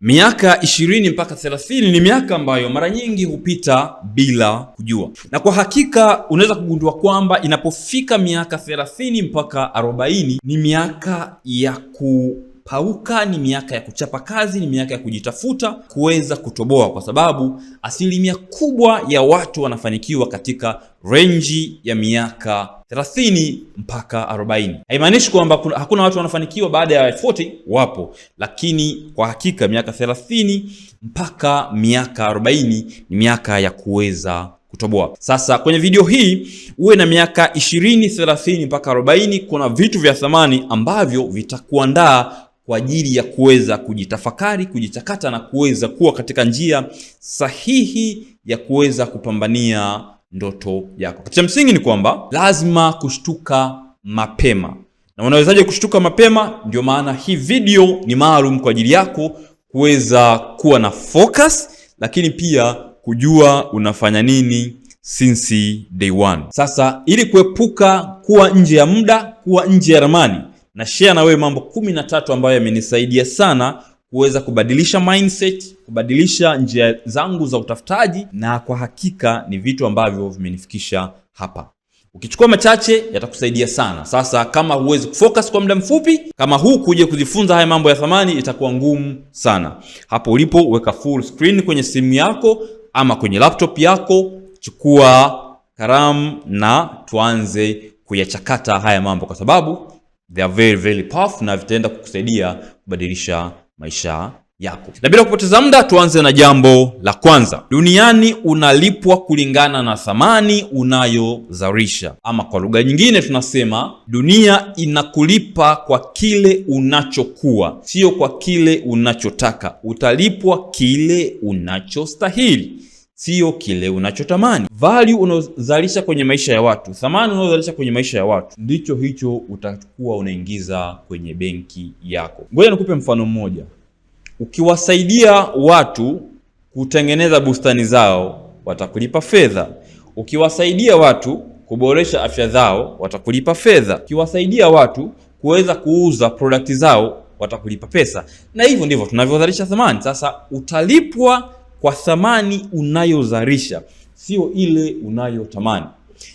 Miaka ishirini mpaka thelathini ni miaka ambayo mara nyingi hupita bila kujua, na kwa hakika unaweza kugundua kwamba inapofika miaka thelathini mpaka arobaini ni miaka ya ku ni miaka ya kuchapa kazi, ni miaka ya kujitafuta, kuweza kutoboa, kwa sababu asilimia kubwa ya watu wanafanikiwa katika renji ya miaka 30 mpaka 40. Haimaanishi kwamba hakuna watu wanafanikiwa baada ya 40, wapo, lakini kwa hakika miaka 30 mpaka miaka 40 ni miaka ya kuweza kutoboa. Sasa kwenye video hii uwe na miaka 20, 30 mpaka 40, kuna vitu vya thamani ambavyo vitakuandaa kwa ajili ya kuweza kujitafakari, kujichakata na kuweza kuwa katika njia sahihi ya kuweza kupambania ndoto yako. Kitu cha msingi ni kwamba lazima kushtuka mapema. Na unawezaje kushtuka mapema? Ndio maana hii video ni maalum kwa ajili yako kuweza kuwa na focus, lakini pia kujua unafanya nini since day one. Sasa ili kuepuka kuwa nje ya muda, kuwa nje ya ramani, na share na wewe mambo kumi na tatu ambayo yamenisaidia sana kuweza kubadilisha mindset, kubadilisha njia zangu za utafutaji, na kwa hakika ni vitu ambavyo vimenifikisha hapa. Ukichukua machache yatakusaidia sana. Sasa kama huwezi kufocus kwa muda mfupi kama huu, kuja kujifunza haya mambo ya thamani itakuwa ngumu sana. Hapo ulipo, weka full screen kwenye simu yako ama kwenye laptop yako, chukua kalamu na tuanze kuyachakata haya mambo, kwa sababu they are very very powerful na vitaenda kukusaidia kubadilisha maisha yako. Na bila kupoteza muda, tuanze na jambo la kwanza. Duniani unalipwa kulingana na thamani unayozalisha, ama kwa lugha nyingine tunasema dunia inakulipa kwa kile unachokuwa, sio kwa kile unachotaka. Utalipwa kile unachostahili sio kile unachotamani. Value unaozalisha kwenye maisha ya watu, thamani unaozalisha kwenye maisha ya watu, ndicho hicho utakuwa unaingiza kwenye benki yako. Ngoja nikupe mfano mmoja. Ukiwasaidia watu kutengeneza bustani zao, watakulipa fedha. Ukiwasaidia watu kuboresha afya zao, watakulipa fedha. Ukiwasaidia watu kuweza kuuza product zao, watakulipa pesa, na hivyo ndivyo tunavyozalisha thamani. Sasa utalipwa kwa thamani unayozalisha, sio ile unayotamani.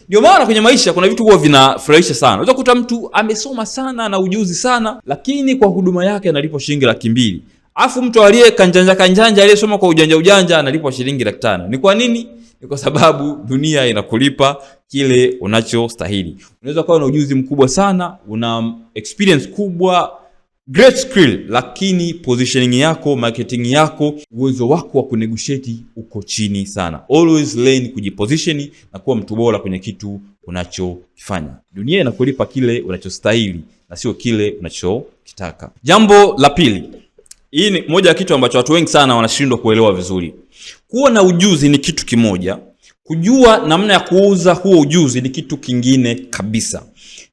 Ndio maana kwenye maisha kuna vitu huwa vinafurahisha sana. Unaweza kukuta mtu amesoma sana na ujuzi sana, lakini kwa huduma yake analipwa shilingi laki mbili, afu mtu aliye kanjanja kanjanja aliyesoma kwa ujanja ujanja analipwa shilingi laki tano. Ni kwa nini? Ni kwa sababu dunia inakulipa kile unachostahili. Unaweza kuwa na ujuzi mkubwa sana, una experience kubwa great skill, lakini positioning yako, marketing yako, uwezo wako wa kunegotiate uko chini sana. Always learn kujiposition na kuwa mtu bora kwenye kitu unachokifanya. Dunia inakulipa kile unachostahili na sio kile unachokitaka. Jambo la pili, hii ni moja ya kitu ambacho watu wengi sana wanashindwa kuelewa vizuri. Kuwa na ujuzi ni kitu kimoja, kujua namna ya kuuza huo ujuzi ni kitu kingine kabisa.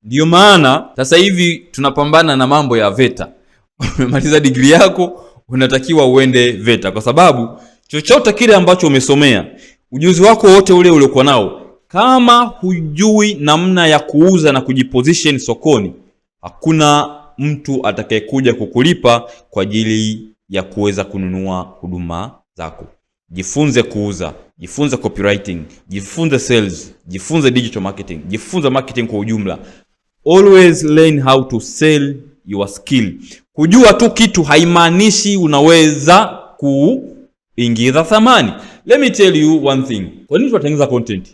Ndiyo maana sasa hivi tunapambana na mambo ya VETA. Umemaliza digri yako, unatakiwa uende VETA, kwa sababu chochote kile ambacho umesomea, ujuzi wako wote ule uliokuwa nao, kama hujui namna ya kuuza na kujiposition sokoni, hakuna mtu atakayekuja kukulipa kwa ajili ya kuweza kununua huduma zako. Jifunze kuuza, jifunze copywriting, jifunze sales, jifunze digital marketing, jifunze marketing kwa ujumla. Always learn how to sell your skill. Kujua tu kitu haimaanishi unaweza kuingiza thamani. Let me tell you one thing. Kwa nini tunatengeneza content?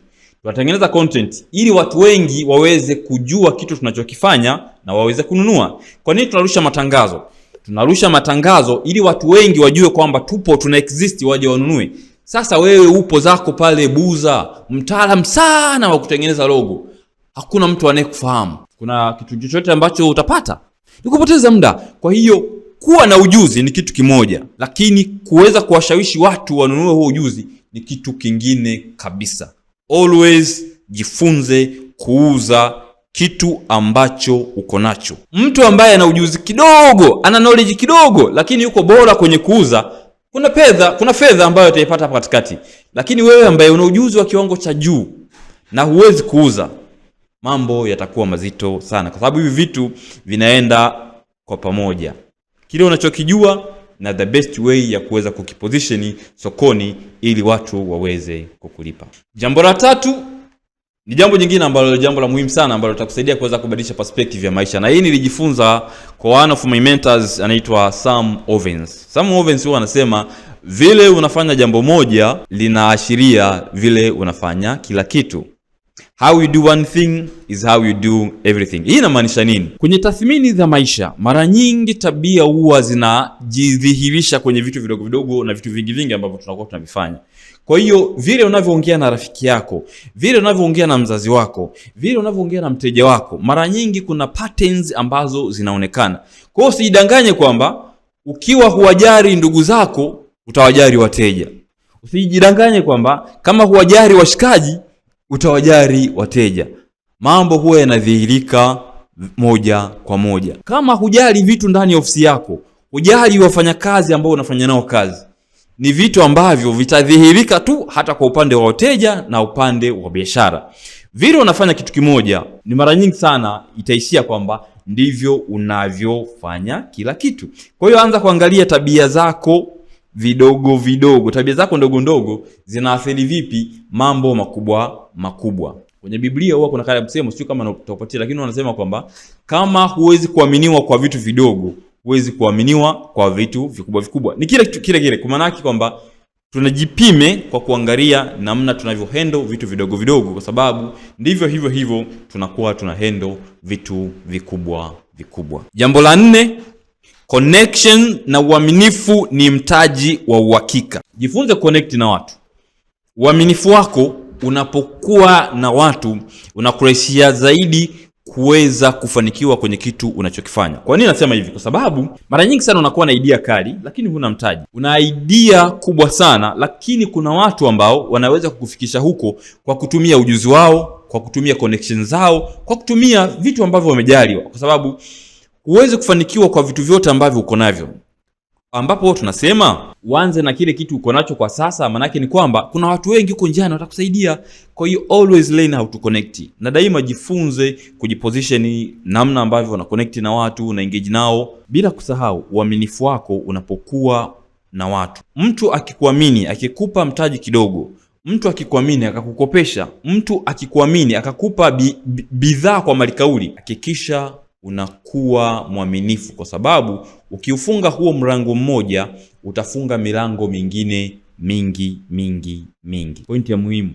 Tunatengeneza content ili watu wengi waweze kujua kitu tunachokifanya na waweze kununua. Kwa nini tunarusha matangazo? Tunarusha matangazo ili watu wengi wajue kwamba tupo, tuna exist, waje wanunue. Sasa wewe upo zako pale Buza, mtaalamu sana wa kutengeneza logo, hakuna mtu anayekufahamu kuna kitu chochote ambacho utapata, ni kupoteza muda. Kwa hiyo kuwa na ujuzi ni kitu kimoja, lakini kuweza kuwashawishi watu wanunue huo ujuzi ni kitu kingine kabisa. Always jifunze kuuza kitu ambacho uko nacho. Mtu ambaye ana ujuzi kidogo, ana knowledge kidogo, lakini yuko bora kwenye kuuza, kuna fedha, kuna fedha ambayo utaipata hapa katikati. Lakini wewe ambaye una ujuzi wa kiwango cha juu na huwezi kuuza mambo yatakuwa mazito sana, kwa sababu hivi vitu vinaenda kwa pamoja, kile unachokijua na the best way ya kuweza kukiposition sokoni ili watu waweze kukulipa. Jambo la tatu ni jambo jingine ambalo jambo la muhimu sana ambalo litakusaidia kuweza kubadilisha perspective ya maisha, na hii nilijifunza kwa one of my mentors anaitwa Sam Ovens. Sam Ovens huwa anasema vile unafanya jambo moja linaashiria vile unafanya kila kitu. How you do one thing is how you do everything. Hii inamaanisha nini? Kwenye tathmini za maisha, mara nyingi tabia huwa zinajidhihirisha kwenye vitu vidogo vidogo na vitu vingi vingi ambavyo tunakuwa tunavifanya. Kwa hiyo vile unavyoongea na rafiki yako, vile unavyoongea na mzazi wako, vile unavyoongea na mteja wako, mara nyingi kuna patterns ambazo zinaonekana. Kwa hiyo usijidanganye kwamba ukiwa huwajari ndugu zako utawajari wateja. Usijidanganye kwamba kama huwajari washikaji utawajari wateja. Mambo huwa yanadhihirika moja kwa moja. Kama hujali vitu ndani ya ofisi yako, hujali wafanyakazi ambao unafanya nao kazi, ni vitu ambavyo vitadhihirika tu, hata kwa upande wa wateja na upande wa biashara. Vile unafanya kitu kimoja, ni mara nyingi sana itaishia kwamba ndivyo unavyofanya kila kitu. Kwa hiyo anza kuangalia tabia zako vidogo vidogo, tabia zako ndogo ndogo zinaathiri vipi mambo makubwa makubwa. Kwenye Biblia huwa kuna kale kusema sio kama nitakupatia, lakini wanasema kwamba kama huwezi kuaminiwa kwa vitu vidogo, huwezi kuaminiwa kwa vitu vikubwa vikubwa. Ni kile kile kile, kwa kwamba tunajipime kwa kuangalia namna tunavyohendo vitu vidogo vidogo, kwa sababu ndivyo hivyo hivyo tunakuwa tunahendo vitu vikubwa vikubwa. Jambo la nne Connection na uaminifu ni mtaji wa uhakika. Jifunze connect na watu. Uaminifu wako unapokuwa na watu unakurahisia zaidi kuweza kufanikiwa kwenye kitu unachokifanya. Kwa nini nasema hivi? Kwa sababu mara nyingi sana unakuwa na idea kali, lakini huna mtaji. Una idea kubwa sana, lakini kuna watu ambao wanaweza kukufikisha huko kwa kutumia ujuzi wao, kwa kutumia connection zao, kwa kutumia vitu ambavyo wamejaliwa, kwa sababu huwezi kufanikiwa kwa vitu vyote ambavyo uko navyo, ambapo tunasema uanze na kile kitu uko nacho kwa sasa. Maanake ni kwamba kuna watu wengi huko njiani watakusaidia. Kwa hiyo always learn how to connect, na daima jifunze kujiposition, namna ambavyo una connect na watu una engage nao, bila kusahau uaminifu wako unapokuwa na watu. Mtu akikuamini akikupa mtaji kidogo, mtu akikuamini akakukopesha, mtu akikuamini akakupa bidhaa bi, kwa malikauli, hakikisha unakuwa mwaminifu, kwa sababu ukiufunga huo mlango mmoja utafunga milango mingine mingi mingi mingi. Pointi ya muhimu,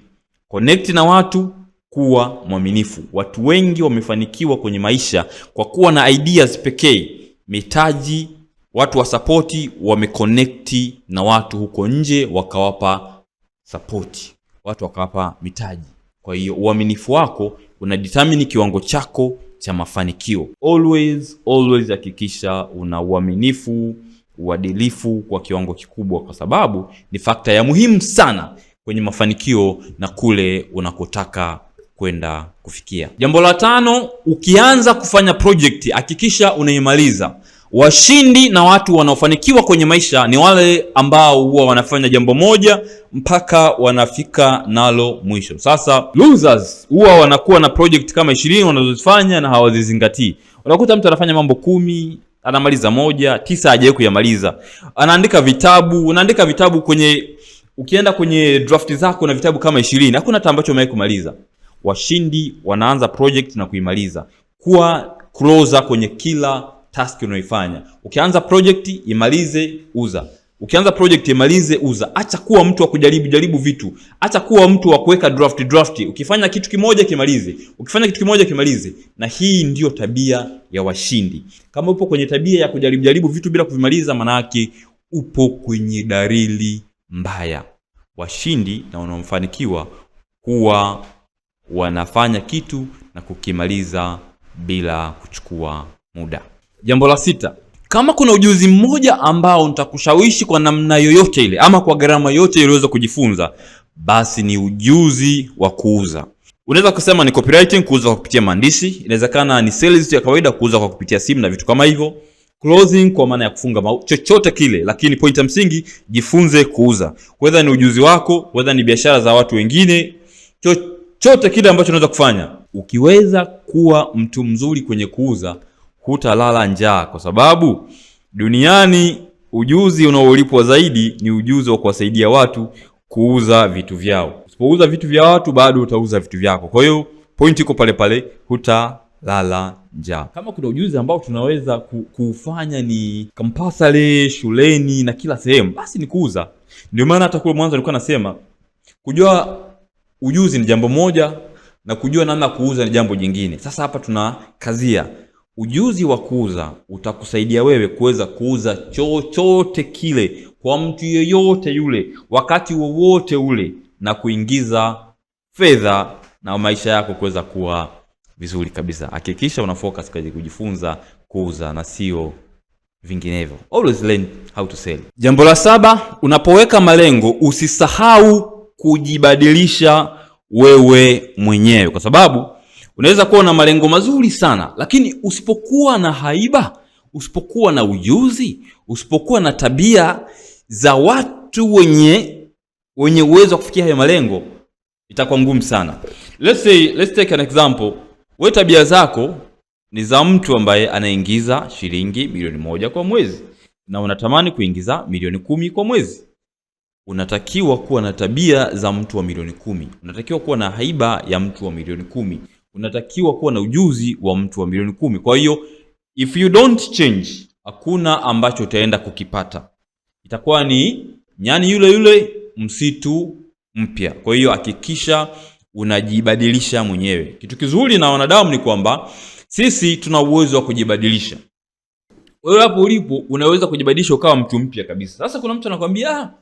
connect na watu, kuwa mwaminifu. Watu wengi wamefanikiwa kwenye maisha kwa kuwa na ideas pekee, mitaji, watu wa sapoti, wameconnect na watu huko nje, wakawapa sapoti, watu wakawapa mitaji. Kwa hiyo uaminifu wako unadetermine kiwango chako cha mafanikio. Always always hakikisha una uaminifu, uadilifu kwa kiwango kikubwa, kwa sababu ni fakta ya muhimu sana kwenye mafanikio na kule unakotaka kwenda kufikia. Jambo la tano, ukianza kufanya project hakikisha unaimaliza. Washindi na watu wanaofanikiwa kwenye maisha ni wale ambao huwa wanafanya jambo moja mpaka wanafika nalo mwisho. Sasa losers huwa wanakuwa na project kama ishirini wanazozifanya na hawazizingatii. Unakuta mtu anafanya mambo kumi anamaliza moja, tisa hajawahi kuyamaliza. Anaandika vitabu, unaandika vitabu kwenye, ukienda kwenye draft zako na vitabu kama ishirini hakuna hata ambacho umewahi kumaliza. Washindi wanaanza project na kuimaliza. Kuwa closer kwenye kila task unaoifanya. Ukianza project imalize, uza. Ukianza project imalize, uza. Acha kuwa mtu wa kujaribu jaribu vitu. Acha kuwa mtu wa kuweka draft draft. Ukifanya kitu kimoja kimalize. Ukifanya kitu kimoja kimalize. Na hii ndiyo tabia ya washindi. Kama upo kwenye tabia ya kujaribu jaribu vitu bila kuvimaliza, maana yake upo kwenye dalili mbaya. Washindi na wanaofanikiwa huwa wanafanya kitu na kukimaliza bila kuchukua muda. Jambo la sita, kama kuna ujuzi mmoja ambao nitakushawishi kwa namna yoyote ile ama kwa gharama yote uweze kujifunza, basi ni ujuzi wa kuuza. Unaweza kusema ni copywriting, kuuza kwa kupitia maandishi. Inawezekana ni sales ya kawaida, kuuza kwa kupitia simu na vitu kama hivyo, closing kwa maana ya kufunga mau, chochote kile, lakini point ya msingi, jifunze kuuza, whether ni ujuzi wako, whether ni biashara za watu wengine, chochote kile ambacho unaweza kufanya. Ukiweza kuwa mtu mzuri kwenye kuuza hutalala njaa, kwa sababu duniani ujuzi unaolipwa zaidi ni ujuzi wa kuwasaidia watu kuuza vitu vyao. Usipouza vitu vya watu, bado utauza vitu vyako. Kwa hiyo point iko pale pale, hutalala njaa. Kama kuna ujuzi ambao tunaweza kuufanya ni kampasale, shuleni na kila sehemu, basi ni kuuza. Ndio maana hata kule mwanzo nilikuwa nasema kujua ujuzi ni jambo moja na kujua namna kuuza ni jambo jingine. Sasa hapa tuna kazia Ujuzi wa kuuza utakusaidia wewe kuweza kuuza chochote kile kwa mtu yeyote yule wakati wowote ule na kuingiza fedha na maisha yako kuweza kuwa vizuri kabisa. Hakikisha una focus katika kujifunza kuuza na sio vinginevyo. Always learn how to sell. Jambo la saba, unapoweka malengo usisahau kujibadilisha wewe mwenyewe kwa sababu Unaweza kuwa na malengo mazuri sana, lakini usipokuwa na haiba, usipokuwa na ujuzi, usipokuwa na tabia za watu wenye wenye uwezo wa kufikia hayo malengo, itakuwa ngumu sana. Let's say, let's take an example. We, tabia zako ni za mtu ambaye anaingiza shilingi milioni moja kwa mwezi na unatamani kuingiza milioni kumi kwa mwezi. Unatakiwa kuwa na tabia za mtu wa milioni kumi. Unatakiwa kuwa na haiba ya mtu wa milioni kumi unatakiwa kuwa na ujuzi wa mtu wa milioni kumi. Kwa hiyo if you don't change, hakuna ambacho utaenda kukipata, itakuwa ni nyani yule yule, msitu mpya. Kwa hiyo hakikisha unajibadilisha mwenyewe. Kitu kizuri na wanadamu ni kwamba sisi tuna uwezo wa kujibadilisha. Wewe hapo ulipo unaweza kujibadilisha ukawa mtu mpya kabisa. Sasa kuna mtu anakwambia ah,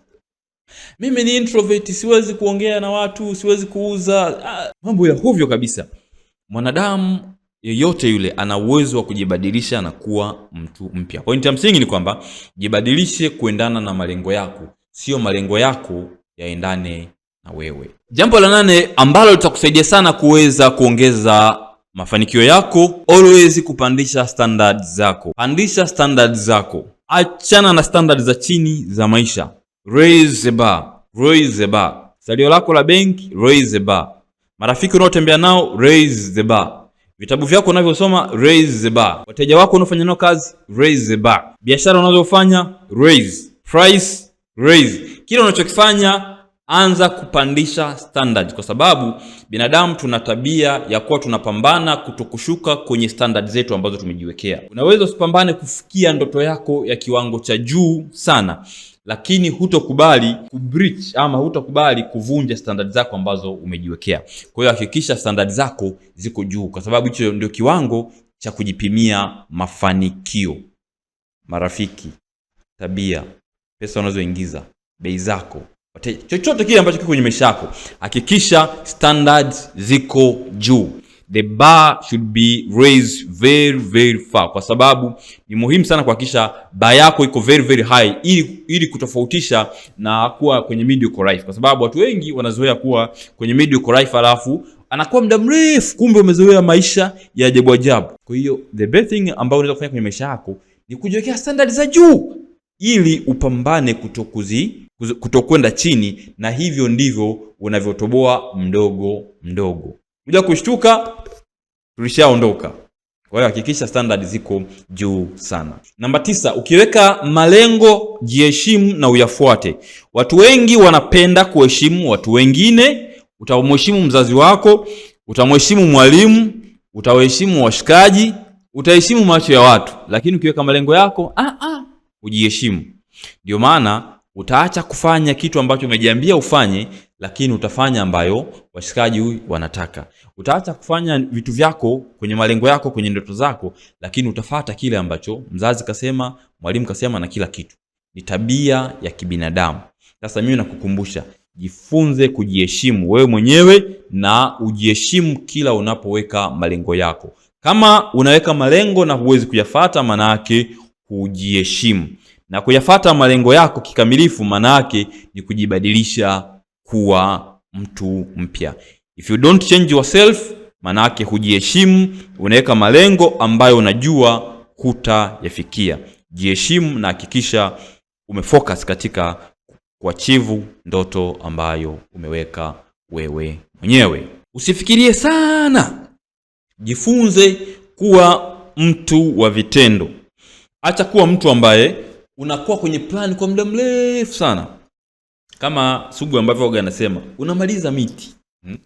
mimi ni introvert, siwezi kuongea na watu, siwezi kuuza ah, mambo ya hovyo kabisa mwanadamu yeyote yule ana uwezo wa kujibadilisha na kuwa mtu mpya. Pointi ya msingi ni kwamba jibadilishe kuendana na malengo yako, sio malengo yako yaendane na wewe. Jambo la nane ambalo litakusaidia sana kuweza kuongeza mafanikio yako, always kupandisha standard zako. Pandisha standard zako, achana na standard za chini za maisha. Raise the bar, raise the bar. Salio lako la benki, raise the bar marafiki unaotembea nao raise the bar, vitabu vyako unavyosoma raise the bar, wateja wako unaofanya nao kazi raise the bar, biashara unazofanya raise price, raise Kila unachokifanya Anza kupandisha standard, kwa sababu binadamu tuna tabia ya kuwa tunapambana kutokushuka kwenye standard zetu ambazo tumejiwekea. Unaweza usipambane kufikia ndoto yako ya kiwango cha juu sana, lakini hutokubali kubreach ama hutokubali kuvunja standard zako ambazo umejiwekea. Kwa hiyo hakikisha standard zako ziko juu, kwa sababu hicho ndio kiwango cha kujipimia mafanikio. Marafiki, tabia, pesa unazoingiza, bei zako, chochote kile ambacho kiko kwenye maisha yako, hakikisha standard ziko juu the bar should be raised very very far, kwa sababu ni muhimu sana kuhakikisha bar yako iko very very high, ili ili kutofautisha na kuwa kwenye mediocre life, kwa sababu watu wengi wanazoea kuwa kwenye mediocre life alafu anakuwa muda mrefu, kumbe umezoea maisha ya ajabu ajabu. Kwa hiyo the best thing ambayo unaweza kufanya kwenye maisha yako ni kujiwekea standard za juu ili upambane kutokuzi kutokwenda chini, na hivyo ndivyo unavyotoboa mdogo mdogo bila kushtuka, tulishaondoka. Kwa hiyo hakikisha standard ziko juu sana. Namba tisa, ukiweka malengo jiheshimu na uyafuate. Watu wengi wanapenda kuheshimu watu wengine. Utamheshimu mzazi wako, utamheshimu mwalimu, utawaheshimu washikaji, utaheshimu macho ya watu, lakini ukiweka malengo yako ah ah, ujiheshimu. Ndio maana utaacha kufanya kitu ambacho umejiambia ufanye lakini utafanya ambayo washikaji wanataka. Utaacha kufanya vitu vyako kwenye malengo yako kwenye ndoto zako, lakini utafata kile ambacho mzazi kasema, mwalimu kasema na kila kitu. Ni tabia ya kibinadamu. Sasa mimi nakukumbusha, jifunze kujiheshimu wewe mwenyewe na ujiheshimu kila unapoweka malengo yako. Kama unaweka malengo na huwezi kuyafata, maana yake hujiheshimu, na kuyafata malengo yako kikamilifu, maana yake ni kujibadilisha kuwa mtu mpya. If you don't change yourself, manake hujiheshimu, unaweka malengo ambayo unajua hutayafikia. Jiheshimu na hakikisha umefocus katika kuachivu ndoto ambayo umeweka wewe mwenyewe. Usifikirie sana, jifunze kuwa mtu wa vitendo. Acha kuwa mtu ambaye unakuwa kwenye plani kwa muda mrefu sana kama Sugu ambavyo waga anasema unamaliza miti hmm.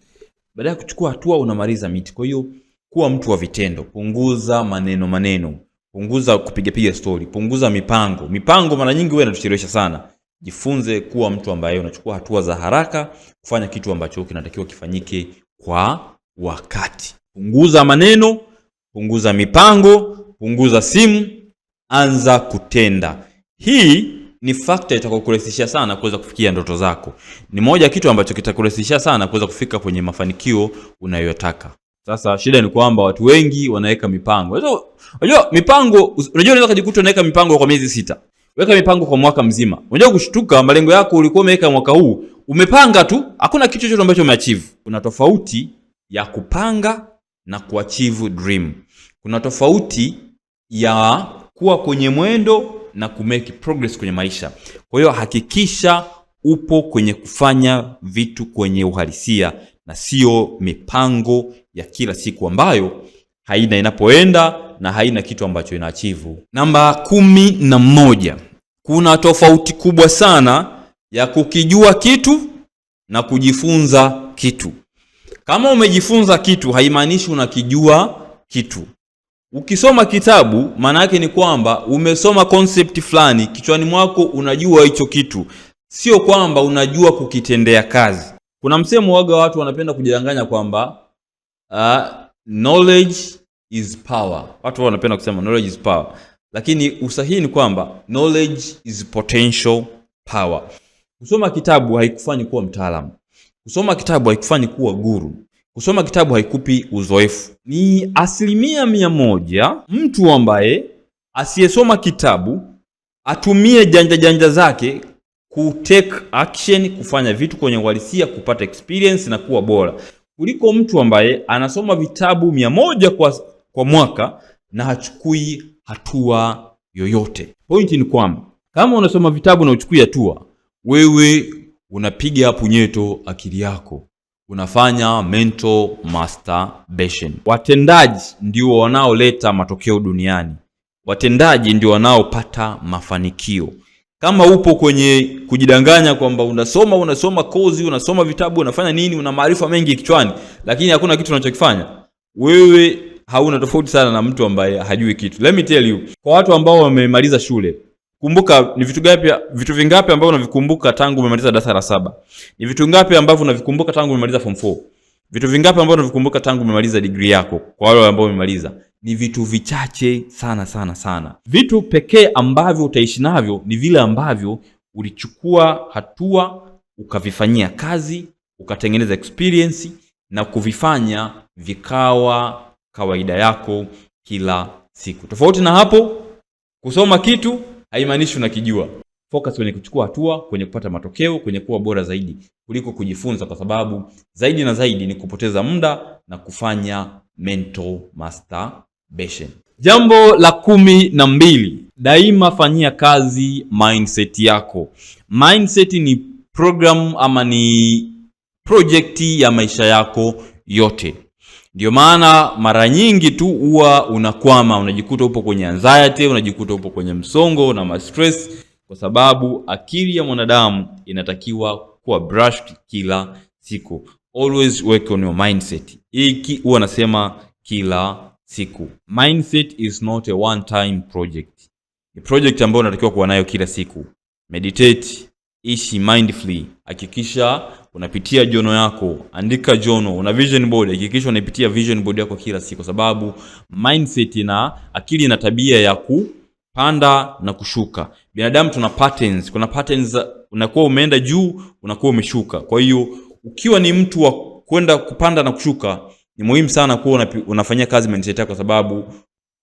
Baada ya kuchukua hatua unamaliza miti. Kwa hiyo kuwa mtu wa vitendo, punguza maneno maneno, punguza kupigapiga stori, punguza mipango mipango. Mara nyingi wewe inatuchelewesha sana. Jifunze kuwa mtu ambaye unachukua hatua za haraka kufanya kitu ambacho kinatakiwa kifanyike kwa wakati. Punguza maneno, punguza mipango, punguza simu, anza kutenda hii ni factor itakokurahisishia sana kuweza kufikia ndoto zako. Ni moja kitu ambacho kitakurahisishia sana kuweza kufika kwenye mafanikio unayotaka. Sasa shida ni kwamba watu wengi wanaweka mipango. Unajua mipango, unajua unaweza kujikuta unaweka mipango kwa miezi sita. Weka mipango kwa mwaka mzima. Unajua kushtuka malengo yako ulikuwa umeweka mwaka huu, umepanga tu, hakuna kitu chochote ambacho umeachieve. Kuna tofauti ya kupanga na kuachieve dream. Kuna tofauti ya kuwa kwenye mwendo na kumake progress kwenye maisha. Kwa hiyo hakikisha upo kwenye kufanya vitu kwenye uhalisia na sio mipango ya kila siku ambayo haina inapoenda na haina kitu ambacho inaachivu. Namba kumi na moja, kuna tofauti kubwa sana ya kukijua kitu na kujifunza kitu. Kama umejifunza kitu haimaanishi unakijua kitu. Ukisoma kitabu maana yake ni kwamba umesoma concept fulani kichwani mwako, unajua hicho kitu, sio kwamba unajua kukitendea kazi. Kuna msemo waga, watu wanapenda kujidanganya kwamba uh, knowledge is power. Watu wanapenda kusema knowledge is power, lakini usahihi ni kwamba knowledge is potential power. Kusoma kitabu haikufanyi kuwa mtaalamu. Kusoma kitabu haikufanyi kuwa guru. Kusoma kitabu haikupi uzoefu. Ni asilimia mia moja mtu ambaye asiyesoma kitabu atumie janja janja zake ku take action, kufanya vitu kwenye uhalisia, kupata experience na kuwa bora kuliko mtu ambaye anasoma vitabu mia moja kwa, kwa mwaka na hachukui hatua yoyote. Pointi ni kwamba kama unasoma vitabu na uchukui hatua, wewe unapiga hapo nyeto akili yako unafanya mental masturbation. Watendaji ndio wanaoleta matokeo duniani, watendaji ndio wanaopata mafanikio. Kama upo kwenye kujidanganya kwamba unasoma unasoma kozi unasoma vitabu unafanya nini, una maarifa mengi kichwani, lakini hakuna kitu unachokifanya wewe, hauna tofauti sana na mtu ambaye hajui kitu. Let me tell you, kwa watu ambao wamemaliza shule Kumbuka ni vitu gapi, vitu vingapi ambavyo unavikumbuka tangu umemaliza darasa la saba? Ni vitu ngapi ambavyo unavikumbuka tangu umemaliza form 4? Vitu vingapi ambavyo unavikumbuka tangu umemaliza degree yako? Kwa wale ambao umemaliza, ni vitu vichache sana sana sana. Vitu pekee ambavyo utaishi navyo ni vile ambavyo ulichukua hatua, ukavifanyia kazi, ukatengeneza experience na kuvifanya vikawa kawaida yako kila siku. Tofauti na hapo, kusoma kitu haimaanishi unakijua. Focus kwenye kuchukua hatua, kwenye kupata matokeo, kwenye kuwa bora zaidi kuliko kujifunza, kwa sababu zaidi na zaidi ni kupoteza muda na kufanya mental masturbation. Jambo la kumi na mbili, daima fanyia kazi mindset yako. Mindset ni program ama ni project ya maisha yako yote. Ndio maana mara nyingi tu huwa unakwama, unajikuta upo kwenye anxiety, unajikuta upo kwenye msongo na mastress, kwa sababu akili ya mwanadamu inatakiwa kuwa brushed kila siku. Always work on your mindset. Hiki huwa nasema kila siku, mindset is not a one time project, ni project ambayo unatakiwa kuwa nayo kila siku. Meditate, ishi mindfully, hakikisha unapitia jono yako, andika jono, una vision board, hakikisha unaipitia vision board yako kila siku, kwa sababu mindset na akili ina tabia ya kupanda na kushuka. Binadamu tuna patterns, kuna patterns, unakuwa umeenda juu, unakuwa umeshuka. Kwa hiyo ukiwa ni mtu wa kwenda kupanda na kushuka, ni muhimu sana kuwa unafanyia kazi mindset yako, sababu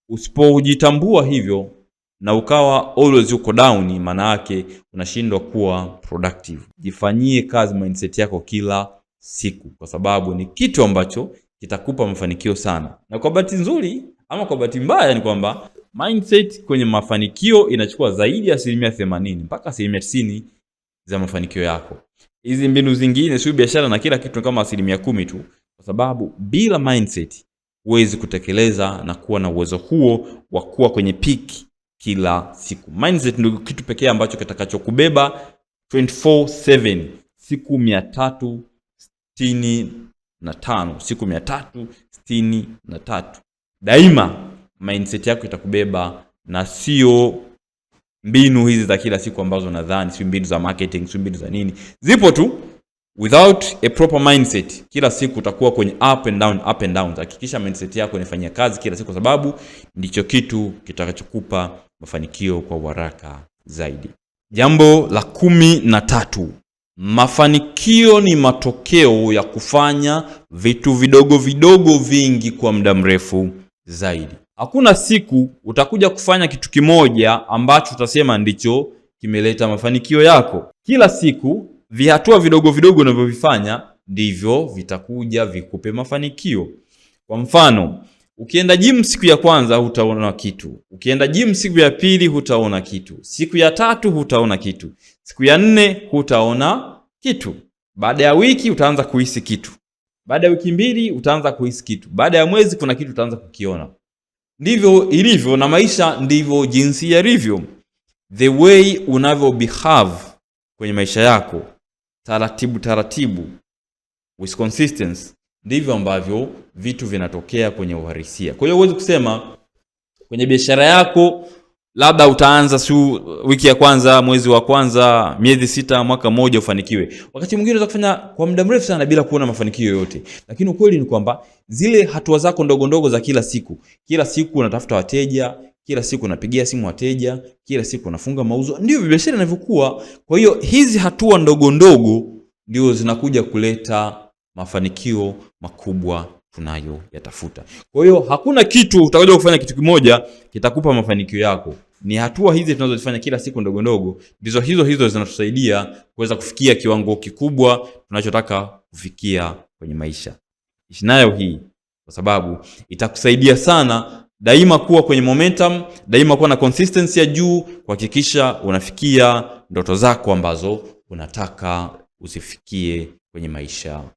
usipojitambua hivyo na ukawa always uko down, maana yake unashindwa kuwa productive. Jifanyie kazi mindset yako kila siku, kwa sababu ni kitu ambacho kitakupa mafanikio sana. Na kwa bahati nzuri ama kwa bahati mbaya ni kwamba mindset kwenye mafanikio inachukua zaidi ya asilimia themanini mpaka asilimia tisini za mafanikio yako. Hizi mbinu zingine, sio biashara na kila kitu, kama asilimia kumi tu, kwa sababu bila mindset huwezi kutekeleza na kuwa na uwezo huo wa kuwa kwenye piki kila siku. Mindset ndio kitu pekee ambacho kitakachokubeba 24/7 siku 365, siku 363. Daima mindset yako itakubeba na sio mbinu hizi za kila siku ambazo nadhani, si mbinu za marketing, si mbinu za nini, zipo tu. Without a proper mindset, kila siku utakuwa kwenye up and down, up and down. Hakikisha mindset yako inafanyia kazi kila siku, kwa sababu ndicho kitu kitakachokupa mafanikio kwa uharaka zaidi. Jambo la kumi na tatu, mafanikio ni matokeo ya kufanya vitu vidogo vidogo vingi kwa muda mrefu zaidi. Hakuna siku utakuja kufanya kitu kimoja ambacho utasema ndicho kimeleta mafanikio yako. Kila siku vihatua vidogo vidogo unavyovifanya ndivyo vitakuja vikupe mafanikio. Kwa mfano, Ukienda gym siku ya kwanza hutaona kitu, ukienda gym siku ya pili hutaona kitu, siku ya tatu hutaona kitu, siku ya nne hutaona kitu. Baada ya wiki utaanza kuhisi kitu, baada ya wiki mbili utaanza kuhisi kitu, baada ya mwezi kuna kitu utaanza kukiona. Ndivyo ilivyo na maisha, ndivyo jinsi yalivyo. The way unavyo behave kwenye maisha yako, taratibu taratibu, with consistency ndivyo ambavyo vitu vinatokea kwenye uharisia. Kwa hiyo huwezi kusema kwenye biashara yako labda utaanza siu wiki ya kwanza, mwezi wa kwanza, miezi sita, mwaka mmoja ufanikiwe. Wakati mwingine unaweza kufanya kwa muda mrefu sana bila kuona mafanikio yoyote, lakini ukweli ni kwamba zile hatua zako ndogo ndogo za kila siku, kila siku unatafuta wateja, kila siku unapigia simu wateja, kila siku unafunga mauzo, ndio biashara inavyokuwa. Kwa hiyo hizi hatua ndogo ndogo ndio zinakuja kuleta mafanikio makubwa tunayoyatafuta. Kwa hiyo hakuna kitu utakacho kufanya kitu kimoja kitakupa mafanikio yako. Ni hatua hizi tunazozifanya kila siku ndogo ndogo, ndizo hizo hizo zinatusaidia kuweza kufikia kiwango kikubwa tunachotaka kufikia kwenye maisha. Ishi nayo hii, kwa sababu itakusaidia sana daima kuwa kwenye momentum, daima kuwa na consistency ya juu, kuhakikisha unafikia ndoto zako ambazo unataka usifikie kwenye maisha